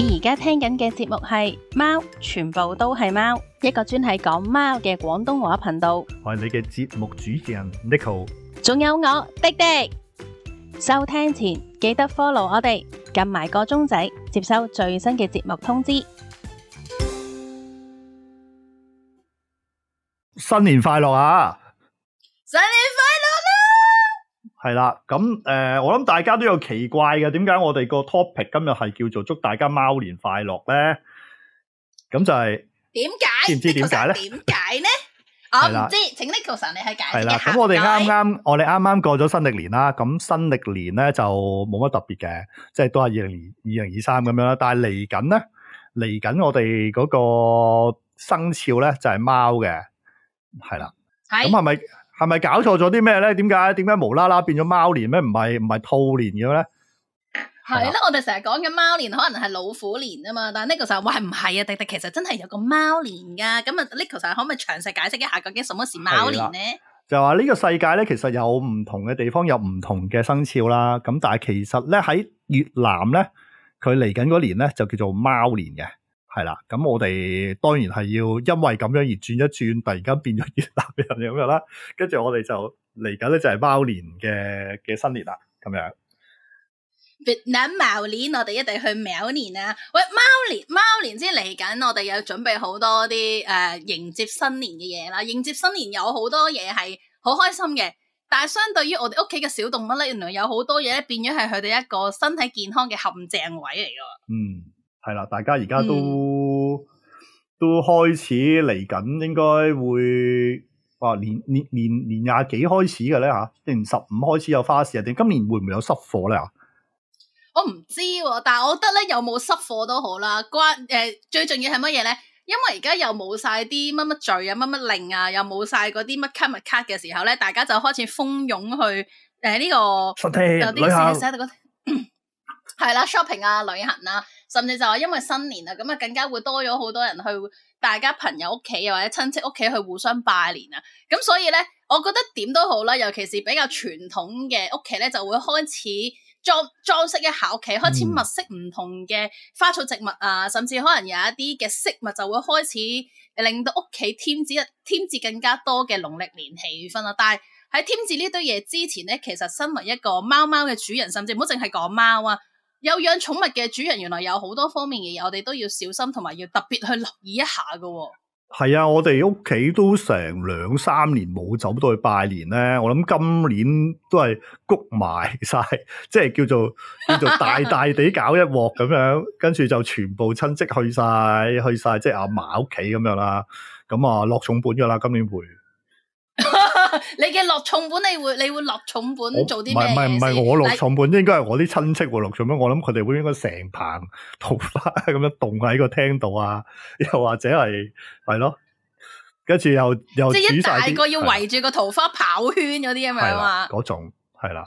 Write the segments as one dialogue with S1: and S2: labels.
S1: 你而家聽緊嘅節目係《貓》，全部都係貓，一個專係講貓嘅廣東話頻道。
S2: 我係你嘅節目主持人 Neko，
S1: 仲有我廸廸。收聽前記得 follow 我哋，撳埋個鐘仔，接收最新嘅節目通知。
S2: 新年快樂啊！新年快！係啦，咁誒、呃，我諗大家都有奇怪嘅，點解我哋個 topic 今日係叫做祝大家貓年快樂咧？咁就係、是、點解？知唔知點解咧？
S1: 點解咧？我唔知，請 Neko 你喺解釋下點
S2: 解。咁我哋啱啱我哋啱啱過咗新曆年啦，咁新曆年咧就冇乜特別嘅，即係都係二零二零二三咁樣啦。但係嚟緊咧，嚟緊我哋嗰個生肖咧就係貓嘅，係啦，咁係咪？的的係咪搞錯咗啲咩咧？點解？點解無啦啦變咗貓年咩？唔係唔係兔年嘅咩？
S1: 係啦的，的我哋成日講嘅貓年可能係老虎年啊嘛，但係 Neko 喂，唔係啊，迪迪其實真係有個貓年噶，咁啊呢個時候可唔可以詳細解釋一下究竟什麼時候貓年咧？
S2: 就話呢個世界咧，其實有唔同嘅地方有唔同嘅生肖啦，咁但係其實咧喺越南咧，佢嚟緊嗰年咧就叫做貓年嘅。係啦，咁我哋當然係要因為咁樣而轉一轉，突然間變咗越南人咁樣啦。跟住我哋就嚟緊咧就係貓年嘅嘅新年啦，咁樣。
S1: 嗱，貓年我哋一定去喵年啊！喂，貓年貓年先嚟緊，我哋有準備好多啲誒、呃、迎接新年嘅嘢啦。迎接新年有好多嘢係好開心嘅，但係相對於我哋屋企嘅小動物咧，原來有好多嘢咧變咗係佢哋一個身體健康嘅陷阱位嚟噶。嗯。
S2: 係啦，大家而家都、嗯、都開始嚟緊，應該會啊年年年年廿幾開始嘅咧吓，定十五開始有花市啊？定今年會唔會有濕貨咧我
S1: 唔知、啊，但係我覺得咧，有冇濕貨都好啦。關誒，最重要係乜嘢咧？因為而家又冇晒啲乜乜罪啊，乜乜令啊，又冇晒嗰啲乜卡密卡嘅時候咧，大家就開始蜂擁去誒呢、呃這個，有啲事喺度女校，係啦 ，shopping 啊，旅行啦、啊。甚至就話因為新年啊，咁啊更加會多咗好多人去大家朋友屋企又或者親戚屋企去互相拜年啊，咁所以咧，我覺得點都好啦，尤其是比較傳統嘅屋企咧，就會開始裝裝飾一下屋企，開始物色唔同嘅花草植物、嗯、啊，甚至可能有一啲嘅飾物就會開始令到屋企添置一添置更加多嘅農曆年氣氛啊。但係喺添置呢堆嘢之前咧，其實身為一個貓貓嘅主人，甚至唔好淨係講貓啊。有養寵物嘅主人，原來有好多方面嘅，我哋都要小心，同埋要特別去留意一下㗎喎。
S2: 係啊，我哋屋企都成兩三年冇走到去拜年咧，我諗今年都係谷埋晒，即 係叫做叫做大大地搞一鑊咁樣，跟住就全部親戚去晒去晒，即係阿嫲屋企咁樣啦，咁啊落重本噶啦，今年會。
S1: 你嘅落重本，你會你會落重本做啲咩？唔係唔係我落重本，應該落重本，
S2: 是應該係我啲親戚會落重本。我諗佢哋會應該成棚桃花咁樣戙喺個廳度啊，又或者係係咯，跟住又又即係一,一大個要圍
S1: 住個桃花跑圈嗰啲啊嘛，
S2: 嗰種係啦。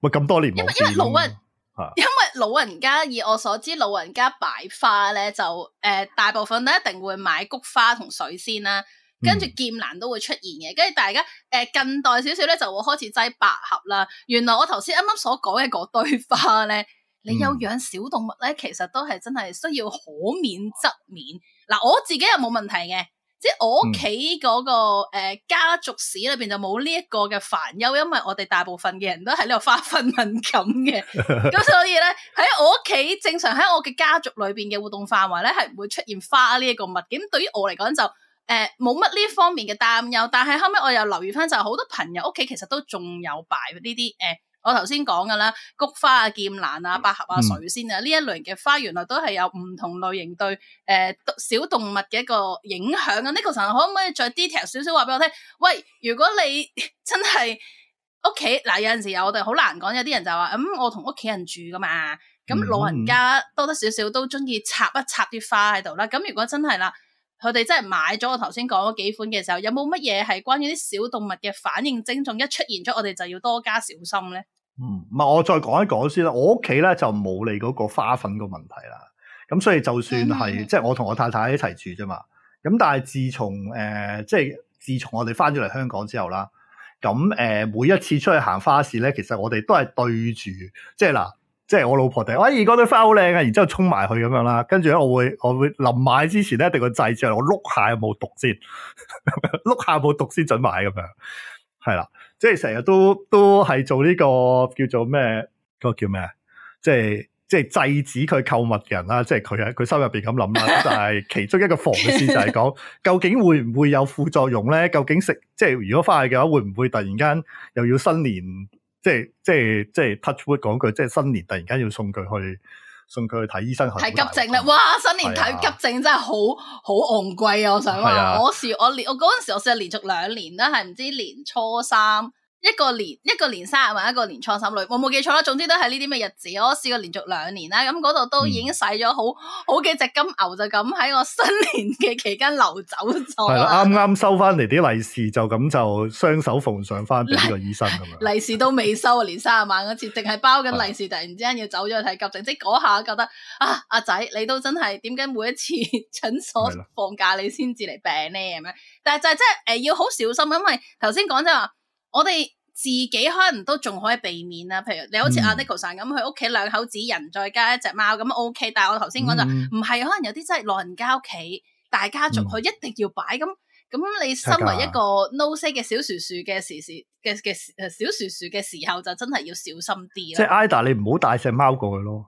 S2: 喂，咁多年因為因為老人吓因
S1: 為老人家以我所知，老人家擺花咧就誒、呃，大部分都一定會買菊花同水仙啦。跟住劍蘭都會出現嘅，跟住大家誒、呃、近代少少咧就會開始擠百合啦。原來我頭先啱啱所講嘅嗰堆花咧，嗯、你有養小動物咧，其實都係真係需要可免則免。嗱、啊，我自己又冇問題嘅，即係我屋企嗰個、嗯、家族史裏邊就冇呢一個嘅煩憂，因為我哋大部分嘅人都喺呢度花粉敏感嘅，咁 所以咧喺我屋企正常喺我嘅家族裏邊嘅活動範圍咧係唔會出現花呢一個物嘅。咁對於我嚟講就。誒，冇乜呢方面嘅擔憂，但係後尾我又留意翻就，好多朋友屋企其實都仲有擺呢啲誒，我頭先講噶啦，菊花啊、劍蘭啊、百合啊、水仙啊呢、嗯、一類嘅花，原來都係有唔同類型對誒、呃、小動物嘅一個影響啊！呢個時候可唔可以再 detail 少少話俾我聽？喂，如果你真係屋企嗱，有陣時我哋好難講，有啲人就話咁、嗯，我同屋企人住噶嘛，咁老人家多多少少都中意插一插啲花喺度啦，咁如果真係啦。佢哋真係買咗我頭先講嗰幾款嘅時候，有冇乜嘢係關於啲小動物嘅反應症狀一出現咗，我哋就要多加小心咧？
S2: 嗯，唔係我再講一講先啦。我屋企咧就冇你嗰個花粉個問題啦。咁所以就算係、嗯、即係我同我太太一齊住啫嘛。咁但係自從誒、呃、即係自從我哋返咗嚟香港之後啦，咁誒、呃、每一次出去行花市咧，其實我哋都係對住即係嗱。即係我老婆哋，哎那個，我二哥都花好靚啊，然之後沖埋去咁樣啦，跟住咧我會我會臨買之前咧，一定會制止先，我碌下有冇毒先，碌 下冇毒先准買咁樣，係啦，即係成日都都係做呢、這個這個叫做咩？嗰個叫咩？即係即係制止佢購物嘅人啦，即係佢喺佢心入邊咁諗啦，就係其中一個防線，就係講究竟會唔會有副作用咧？ 究竟食即係如果返去嘅話，會唔會突然間又要新年？即係即係即係 touch wood 講句，即係新年突然間要送佢去送佢去睇醫生，睇急症咧，大哇！新年睇急
S1: 症真係好好昂貴啊！我想是、啊我，我，我時我連我嗰陣時，我試過連續兩年啦，係唔知年初三。一個年，一個年卅晚，一個年初三，我冇記錯啦。總之都係呢啲咁嘅日子，我試過連續兩年啦。咁嗰度都已經使咗好好幾隻金牛就咁喺我新年嘅期間流走咗。係啦，啱
S2: 啱收翻嚟啲利是就咁就雙手奉上翻俾呢個醫生咁
S1: 樣。利是都未收啊，年卅晚嗰次，淨係包緊利是的，突然之間要走咗去睇急症。即嗰下覺得啊，阿、啊、仔你都真係點解每一次診所放假你先至嚟病咧咁樣？但係就係即係誒要好小心，因為頭先講即係話。我哋自己可能都仲可以避免啦，譬如你好似阿 Neko san 咁，佢屋企兩口子人再加一隻貓咁 OK，但係我頭先講就唔係，可能有啲真係老人家屋企大家族佢、嗯、一定要擺咁，咁你身為一個 no say 嘅小薯薯嘅時事嘅嘅誒小薯薯嘅時候，薯薯時候就真係要小心啲啦。即係 Ada，
S2: 你唔好帶隻貓過去咯。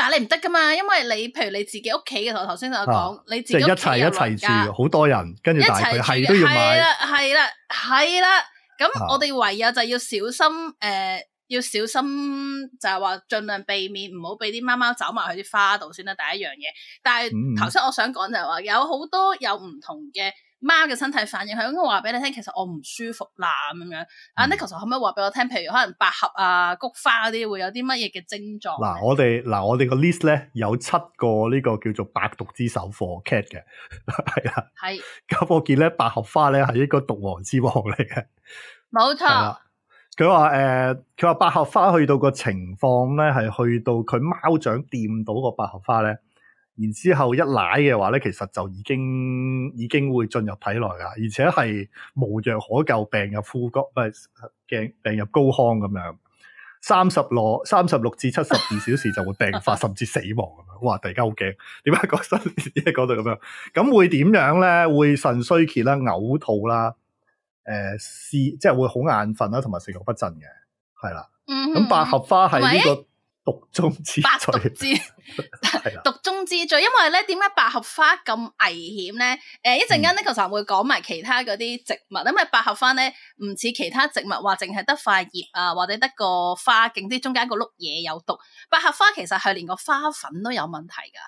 S1: 但你唔得噶嘛，因為你譬如你自己屋企嘅，我頭先就講，啊、你自己一齊一齊住，
S2: 好多人跟住，但係佢係都要買，
S1: 係啦，係啦，咁、啊、我哋唯有就要小心，誒、呃，要小心就係話盡量避免，唔好俾啲貓貓走埋去啲花度先啦，第一樣嘢。但係頭先我想講就係話，嗯嗯有好多有唔同嘅。貓嘅身體反應，係應該話俾你聽，其實我唔舒服啦咁樣。阿 Neko 可唔可以話俾我聽，譬如可能百合啊、菊花嗰啲會有啲乜嘢嘅症狀？嗱，
S2: 我哋嗱，我哋個 list 咧有七個呢個叫做百毒之首 for cat 嘅，係 啊的。係是。咁、嗯、我見咧百合花咧係一個毒王之王嚟嘅，
S1: 冇錯。
S2: 佢話誒，佢話百合花去到個情況咧，係去到佢貓掌掂到個百合花咧。然之後一奶嘅話咧，其實就已經已經會進入體內啦，而且係無藥可救，病入枯骨，唔係病入膏肓咁樣。三十六三十六至七十二小時就會病發， 甚至死亡。哇！突然間好驚，點解講出呢個嘅咁樣？咁會點樣咧？會腎衰竭啦、嘔吐啦、誒思即係會好眼瞓啦，同埋食欲不振嘅，係啦。咁百合花係呢、這個。毒中之百毒之
S1: 毒中之最，因為咧，點解百合花咁危險咧？誒、呃，一陣間咧，嗯、我就會講埋其他嗰啲植物，因為百合花咧，唔似其他植物話淨係得塊葉啊，或者得個花，勁啲中間個碌嘢有毒。百合花其實係連個花粉都有問題噶。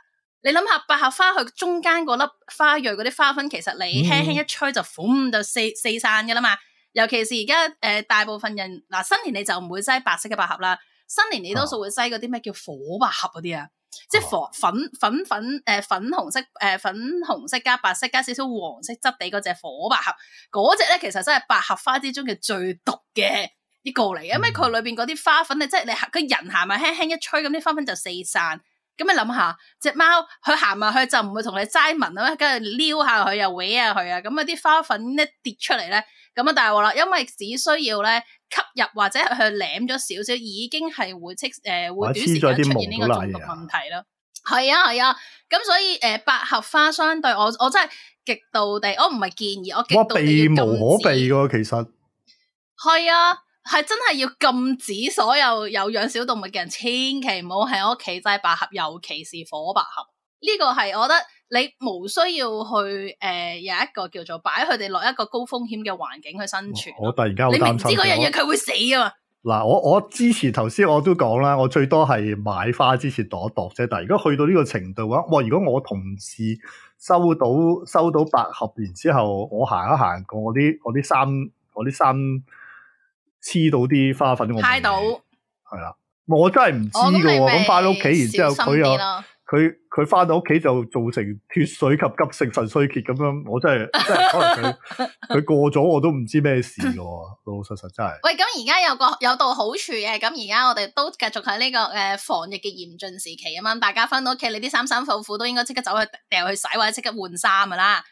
S1: 你諗下，百合花佢中間嗰粒花蕊嗰啲花粉，其實你輕輕一吹就咹、嗯、就四四散噶啦嘛。尤其是而家誒，大部分人嗱、啊、新年你就唔會齋白色嘅百合啦。新年你多數會齋嗰啲咩叫火百合嗰啲啊？即係火粉、哦、粉粉誒粉，粉紅色誒粉紅色加白色加少少黃色質地嗰隻火百合，嗰隻咧其實真係百合花之中嘅最毒嘅啲、呢個嚟嘅，因為佢裏邊嗰啲花粉咧，即係你行人行埋輕輕一吹咁啲花粉就四散。咁你諗下，隻貓佢行埋去就唔會同你齋聞啦，跟住撩下佢又搲下佢啊，咁啊啲花粉咧跌出嚟咧。咁啊，大鑊啦，因為只需要咧吸入或者去舐咗少少，已經係會出誒、呃，會短時間出現呢個中毒問題咯。係啊係啊，咁、啊啊、所以誒百合花相對我我真係極度地，我唔係建議我避無可避噶，其實係啊，係真係要禁止所有有養小動物嘅人，千祈唔好喺屋企制百合，尤其是火百合。呢、這個係我覺得。你冇需要去誒、呃、有一個叫做擺佢哋落一個高風險嘅環境去生存。我，我
S2: 突然間好擔心。你唔知嗰樣嘢佢會死啊嘛？嗱，我我之前頭先我都講啦，我最多係買花之前度一度啫。但係如果去到呢個程度嘅話，哇！如果我同事收到收到百合，然之後我行一行過，我啲我啲衫我啲衫黐到啲花粉，我睇
S1: 到係
S2: 啦。我真係唔知嘅喎。咁翻到屋企，然之後佢又佢。佢翻到屋企就造成脫水及急性腎衰竭咁樣，我真係真係可能佢佢過咗我都唔知咩事喎，老老實實真係。
S1: 喂，咁而家有個有道好處嘅，咁而家我哋都繼續喺呢個誒防疫嘅嚴峻時期啊嘛，大家翻到屋企，你啲衫衫褲褲都應該即刻走去掉去洗或者即刻換衫噶啦，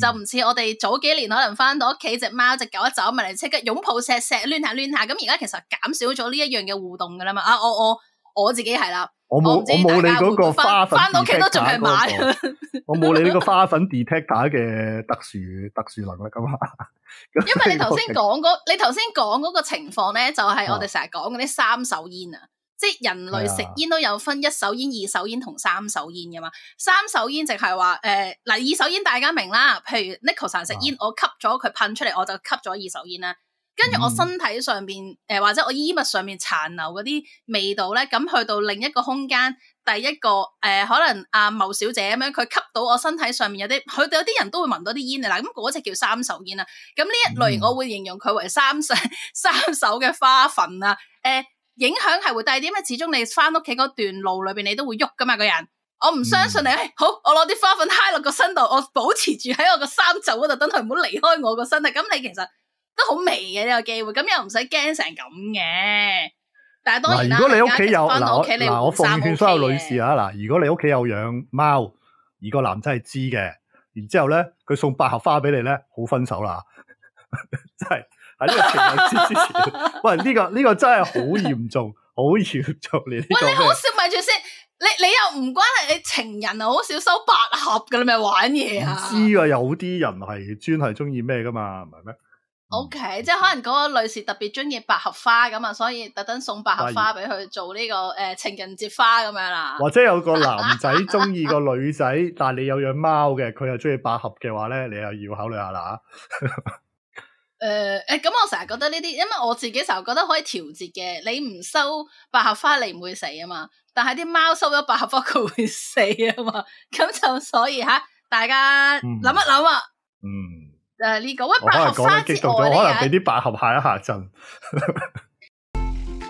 S1: 就唔似我哋早幾年可能翻到屋企隻貓隻狗一走咪嚟即刻擁抱錫錫攬下攬下，咁而家其實減少咗呢一樣嘅互動噶啦嘛，啊我我。我自己係啦，
S2: 我冇沒我冇理嗰個花粉返到屋企都仲係買，我冇你呢個花粉 detector 嘅特殊特殊能力咁啊。 因為你頭先講
S1: 嗰， 你頭先講嗰個情況咧，就係我哋成日講嗰啲三手煙啊，即係人類食煙都有分一手煙、啊、二手煙同三手煙噶嘛。三手煙就係話誒，嗱、呃、二手煙大家明啦，譬如 Neko 食煙，啊、我吸咗佢噴出嚟，我就吸咗二手煙啦。跟住、嗯、我身體上邊，誒、呃、或者我衣物上面殘留嗰啲味道咧，咁去到另一個空間，第一個誒、呃、可能阿、啊、茂小姐咁樣，佢吸到我身體上面有啲，佢哋有啲人都會聞到啲煙啊，嗱咁嗰隻叫三手煙啊，咁呢一類我會形容佢為三手、嗯、 三手嘅花粉啊，誒、呃、影響係會大啲，咩？始終你翻屋企嗰段路裏邊你都會喐噶嘛，個人，我唔相信你，嗯哎、好，我攞啲花粉嗨落個身度，我保持住喺我個三手嗰度，等佢唔好離開我個身啊，咁你其實。都好微嘅呢、這個機會，咁又唔使驚成咁嘅。但係當然、啊、如果你屋企有嗱，我，我奉勸所有
S2: 女士啊，嗱、okay 的，如果你屋企有養貓，而個男仔係知嘅，然之後咧佢送百合花俾你咧，好分手啦， 真係喺呢個前提之下。 喂，呢、這個呢、這個真係好嚴重，好嚴 重你，喂，你好笑，
S1: 咪住先，你你又唔關係你情人啊？好少收百合噶，你咪玩嘢啊？
S2: 知啊，有啲人係專係中意咩噶嘛，唔係咩？
S1: O、okay, K，即係可能嗰個女士特別中意百合花咁啊，所以特登送百合花俾佢做呢、這個誒、呃、情人節花咁樣啦。
S2: 或者有個男仔中意個女仔， 但係你有養貓嘅，佢又中意百合嘅話咧，你又要考慮下啦。
S1: 誒 誒、呃，咁、欸、我成日覺得呢啲，因為我自己成日覺得可以調節嘅。你唔收百合花，你唔會死啊嘛。但係啲貓收咗百合花佢會死啊嘛。咁就所以吓，大家諗一諗啊嗯。嗯。誒，你講一百合先我可能講得激動咗，可能俾啲
S2: 百合下一下震。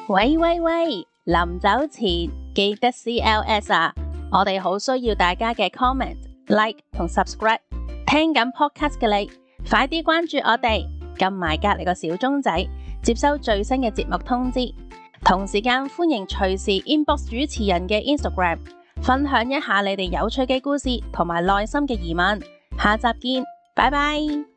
S1: 喂喂喂，臨走前記得 C L S 啊！我哋好需要大家嘅 comment、like 同 subscribe。聽緊 podcast 嘅你，快啲關注我哋，撳埋隔籬個小鐘仔，接收最新嘅節目通知。同時間歡迎隨時 inbox 主持人嘅 Instagram，分享一下你哋有趣嘅故事同埋內心嘅疑問。下集見，拜拜。